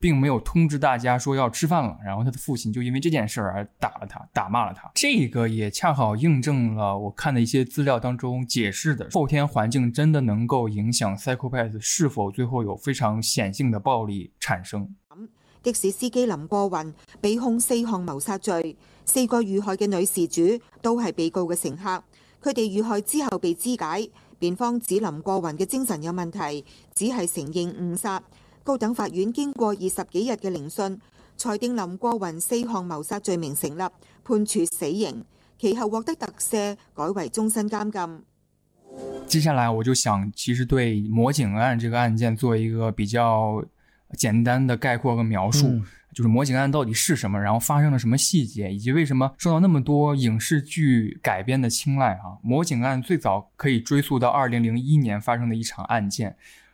並沒有通知大家說要吃飯了，然後他的父親就因為這件事而打了他，打罵了他。這個也恰好印證了我看的一些資料當中解釋的，後天環境真的能夠影響 psychopath 是否最後有非常顯性的暴力產生。的士司機林過雲被控四項謀殺罪，四個遇害嘅女事主都係被告嘅乘客，佢哋遇害之後被肢解。辯方指林過雲嘅精神有問題，只係承認誤殺。高等法院經過二十幾日嘅聆訊，裁定林過雲四項謀殺罪名成立，判處死刑。其後獲得特赦，改為終身監禁。接下來我就想，其實對魔警案這個案件做一個比較簡單的概括和描述，嗯、就是魔警案到底是什麼，然後發生了什麼細節，以及為什麼受到那麼多影視劇改編的青睞。啊。哈，魔警案最早可以追溯到二零零一年發生的一場案件。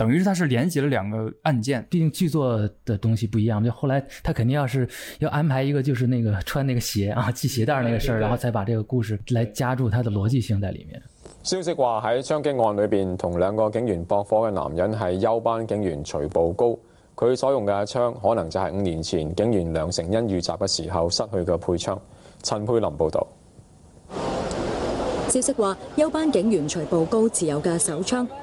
等於是他是連接了兩個案件，畢竟劇作的東西不一樣。就後來他肯定要是要安排一個，就是那個穿那個鞋啊，繫鞋帶那個事兒，然後再把這個故事來加住他的邏輯性在裡面。嗯。消息話喺槍擊案裏邊，同兩個警員搏火嘅男人係休班警員徐步高，佢所用嘅槍可能就係五年前警員梁成恩遇襲嘅時候失去嘅配槍。陳佩琳報道。消息話，休班警員徐步高持有嘅手槍。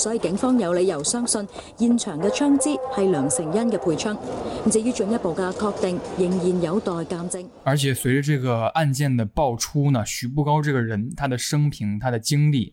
所以警方有理由相信現場嘅槍支係梁成恩嘅配槍，至於進一步嘅確定仍然有待鑒證。而且隨着這個案件嘅爆出呢，徐步高這個人，他的生平，他的經歷。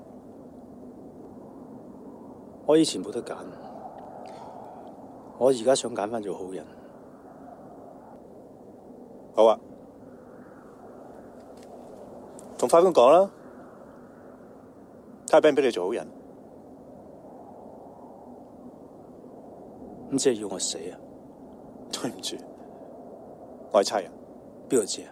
我以前冇得揀，我而家想揀翻做好人。好啊，同法官講啦，睇佢俾唔俾你做好人。咁即係要我死啊？對唔住，我係差人，邊個知啊？